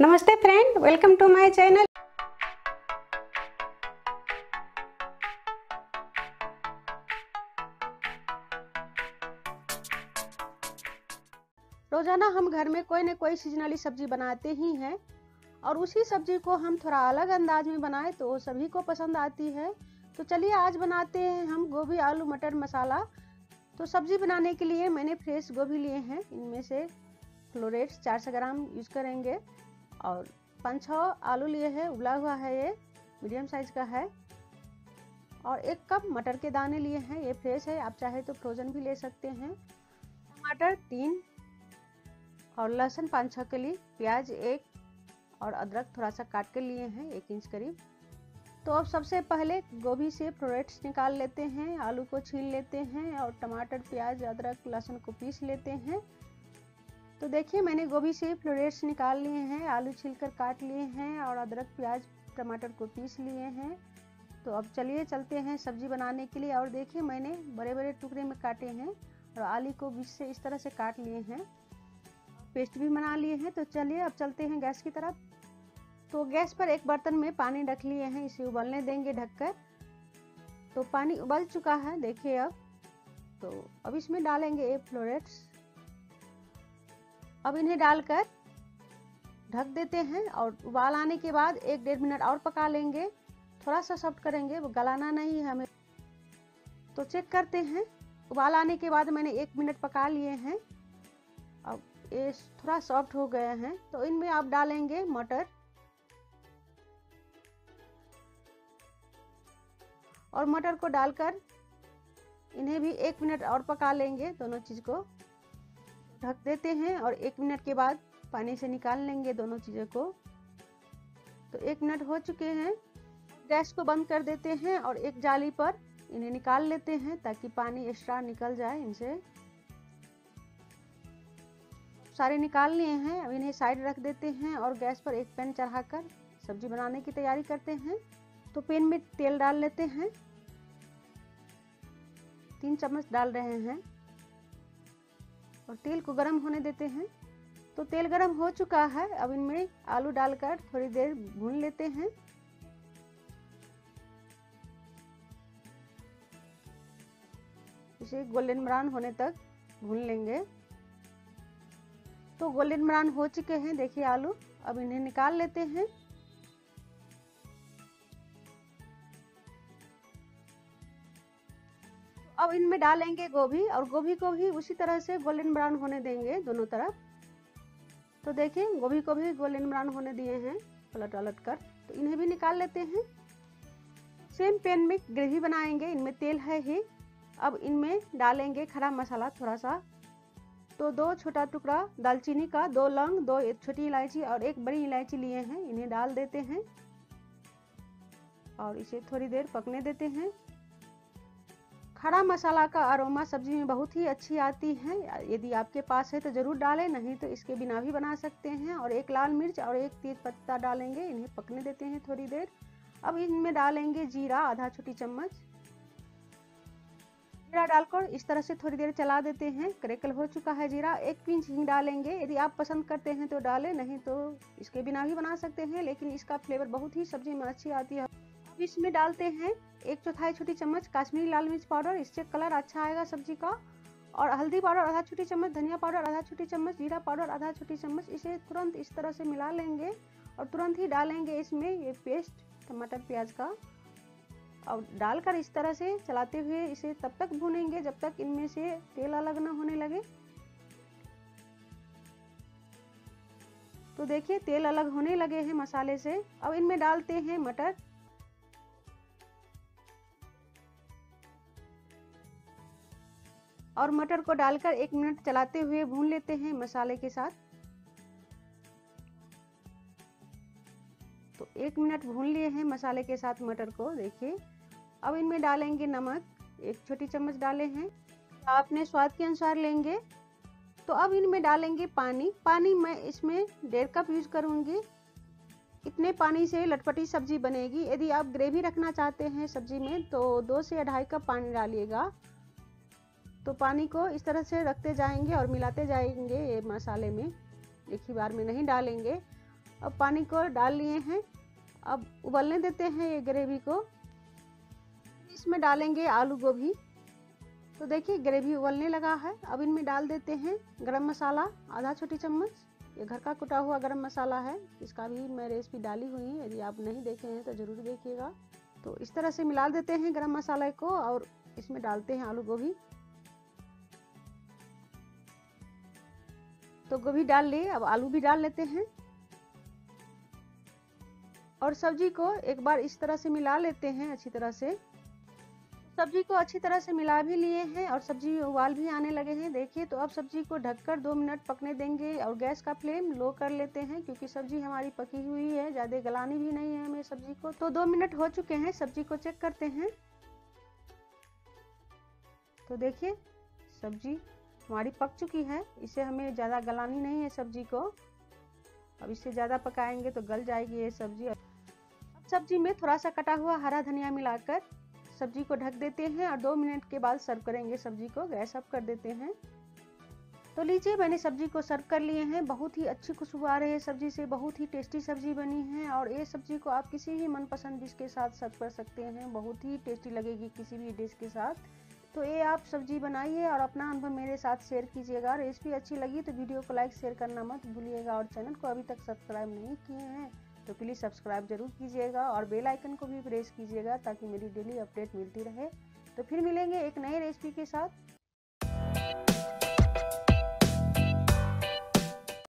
नमस्ते friend welcome to my channel रोजाना हम घर में कोई न कोई सीजनली सब्जी बनाते ही हैं और उसी सब्जी को हम थोड़ा अलग अंदाज में बनाए तो सभी को पसंद आती है तो चलिए आज बनाते हैं हम गोभी आलू मटर मसाला तो सब्जी बनाने के लिए मैंने फ्रेश गोभी लिए हैं इनमें से फ्लोरेट्स 400 ग्राम यूज करेंगे और पाँच छः आलू लिए हैं उबला हुआ है ये मीडियम साइज का है और एक कप मटर के दाने लिए हैं ये फ्रेश है आप चाहे तो फ्रोजन भी ले सकते हैं टमाटर तीन और लहसुन पाँच छः के लिए प्याज एक और अदरक थोड़ा सा काट के लिए हैं एक इंच करीब तो अब सबसे पहले गोभी से प्रोडक्ट्स निकाल लेते हैं आलू को छील लेते हैं और टमाटर प्याज अदरक लहसुन को पीस लेते हैं तो देखिए मैंने गोभी से फ्लोरेट्स निकाल लिए हैं आलू छिलकर काट लिए हैं और अदरक प्याज टमाटर को पीस लिए हैं तो अब चलिए चलते हैं सब्जी बनाने के लिए और देखिए मैंने बड़े बड़े टुकड़े में काटे हैं और आलू को बीच से इस तरह से काट लिए हैं पेस्ट भी बना लिए हैं तो चलिए अब चलते हैं गैस की तरफ तो गैस पर एक बर्तन में पानी रख लिए हैं इसे उबलने देंगे ढककर तो पानी उबल चुका है देखिए अब तो अब इसमें डालेंगे ए फ्लोरेट्स अब इन्हें डालकर ढक देते हैं और उबाल आने के बाद एक डेढ़ मिनट और पका लेंगे थोड़ा सा सॉफ्ट करेंगे वो गलाना नहीं है हमें तो चेक करते हैं उबाल आने के बाद मैंने एक मिनट पका लिए हैं अब ये थोड़ा सॉफ्ट हो गए हैं तो इनमें आप डालेंगे मटर और मटर को डालकर इन्हें भी एक मिनट और पका लेंगे दोनों चीज़ को ढक देते हैं और एक मिनट के बाद पानी से निकाल लेंगे दोनों चीज़ों को तो एक मिनट हो चुके हैं गैस को बंद कर देते हैं और एक जाली पर इन्हें निकाल लेते हैं ताकि पानी एक्स्ट्रा निकल जाए इनसे सारे निकाल लिए हैं अब इन्हें साइड रख देते हैं और गैस पर एक पैन चढ़ाकर सब्जी बनाने की तैयारी करते हैं तो पेन में तेल डाल लेते हैं तीन चम्मच डाल रहे हैं और तेल को गर्म होने देते हैं तो तेल गर्म हो चुका है अब इनमें आलू डालकर थोड़ी देर भून लेते हैं इसे गोल्डन ब्राउन होने तक भून लेंगे तो गोल्डन ब्राउन हो चुके हैं देखिए आलू अब इन्हें निकाल लेते हैं अब इनमें डालेंगे गोभी और गोभी को भी उसी तरह से गोल्डन ब्राउन होने देंगे दोनों तरफ तो देखिए गोभी को भी गोल्डन ब्राउन होने दिए हैं पलट पलट कर तो इन्हें भी निकाल लेते हैं सेम पैन में ग्रेवी बनाएंगे इनमें तेल है ही अब इनमें डालेंगे खड़ा मसाला थोड़ा सा तो दो छोटा टुकड़ा दालचीनी का दो लौंग दो एक छोटी इलायची और एक बड़ी इलायची लिए हैं इन्हें डाल देते हैं और इसे थोड़ी देर पकने देते हैं हरा मसाला का अरोमा सब्जी में बहुत ही अच्छी आती है यदि आपके पास है तो ज़रूर डालें नहीं तो इसके बिना भी बना सकते हैं और एक लाल मिर्च और एक तेज पत्ता डालेंगे इन्हें पकने देते हैं थोड़ी देर अब इनमें डालेंगे जीरा आधा छोटी चम्मच जीरा डालकर इस तरह से थोड़ी देर चला देते हैं क्रेकल हो चुका है जीरा एक पिंच ही डालेंगे यदि आप पसंद करते हैं तो डालें नहीं तो इसके बिना भी बना सकते हैं लेकिन इसका फ्लेवर बहुत ही सब्जी में अच्छी आती है इसमें डालते हैं एक चौथाई छोटी चम्मच काश्मीरी लाल मिर्च पाउडर इससे कलर अच्छा आएगा सब्जी का और हल्दी पाउडर आधा छोटी चम्मच धनिया पाउडर आधा छोटी चम्मच जीरा पाउडर आधा छोटी चम्मच इसे तुरंत इस तरह से मिला लेंगे और तुरंत ही डालेंगे इसमें ये पेस्ट टमाटर प्याज का और डालकर इस तरह से चलाते हुए इसे तब तक भूनेंगे जब तक इनमें से तेल अलग ना होने लगे तो देखिए तेल अलग होने लगे हैं मसाले से अब इनमें डालते हैं मटर और मटर को डालकर एक मिनट चलाते हुए भून लेते हैं मसाले के साथ तो एक मिनट भून लिए हैं मसाले के साथ मटर को देखिए अब इनमें डालेंगे नमक एक छोटी चम्मच डाले हैं आपने स्वाद के अनुसार लेंगे तो अब इनमें डालेंगे पानी पानी मैं इसमें डेढ़ कप यूज करूंगी इतने पानी से लटपटी सब्जी बनेगी यदि आप ग्रेवी रखना चाहते हैं सब्जी में तो दो से अढ़ाई कप पानी डालिएगा तो पानी को इस तरह से रखते जाएंगे और मिलाते जाएंगे ये मसाले में एक ही बार में नहीं डालेंगे अब पानी को डाल लिए हैं अब उबलने देते हैं ये ग्रेवी को इसमें डालेंगे आलू गोभी तो देखिए ग्रेवी उबलने लगा है अब इनमें डाल देते हैं गरम मसाला आधा छोटी चम्मच ये घर का कुटा हुआ गरम मसाला है इसका भी मैं रेसिपी डाली हुई है यदि आप नहीं देखे हैं तो ज़रूर देखिएगा तो इस तरह से मिला देते हैं गरम मसाले को और इसमें डालते हैं आलू गोभी तो गोभी डाल लिए अब आलू भी डाल लेते हैं और सब्जी को एक बार इस तरह से मिला लेते हैं अच्छी तरह से सब्जी को अच्छी तरह से मिला भी लिए हैं और सब्जी उबाल भी आने लगे हैं देखिए तो अब सब्जी को ढककर दो मिनट पकने देंगे और गैस का फ्लेम लो कर लेते हैं क्योंकि सब्जी हमारी पकी हुई है ज़्यादा गलानी भी नहीं है हमें सब्जी को तो दो मिनट हो चुके हैं सब्जी को चेक करते हैं तो देखिए सब्जी हमारी पक चुकी है इसे हमें ज़्यादा गलानी नहीं है सब्जी को अब इससे ज़्यादा पकाएंगे तो गल जाएगी ये सब्जी अब सब्जी में थोड़ा सा कटा हुआ हरा धनिया मिलाकर सब्जी को ढक देते हैं और दो मिनट के बाद सर्व करेंगे सब्जी को गैस अप कर देते हैं तो लीजिए मैंने सब्जी को सर्व कर लिए हैं बहुत ही अच्छी खुशबू आ रही है सब्जी से बहुत ही टेस्टी सब्जी बनी है और ये सब्जी को आप किसी भी मनपसंद डिश के साथ सर्व कर सकते हैं बहुत ही टेस्टी लगेगी किसी भी डिश के साथ तो ये आप सब्जी बनाइए और अपना अनुभव मेरे साथ शेयर कीजिएगा रेसिपी अच्छी लगी तो वीडियो को लाइक शेयर करना मत भूलिएगा और चैनल को अभी तक सब्सक्राइब नहीं किए हैं तो प्लीज़ सब्सक्राइब जरूर कीजिएगा और बेल आइकन को भी प्रेस कीजिएगा ताकि मेरी डेली अपडेट मिलती रहे तो फिर मिलेंगे एक नई रेसिपी के साथ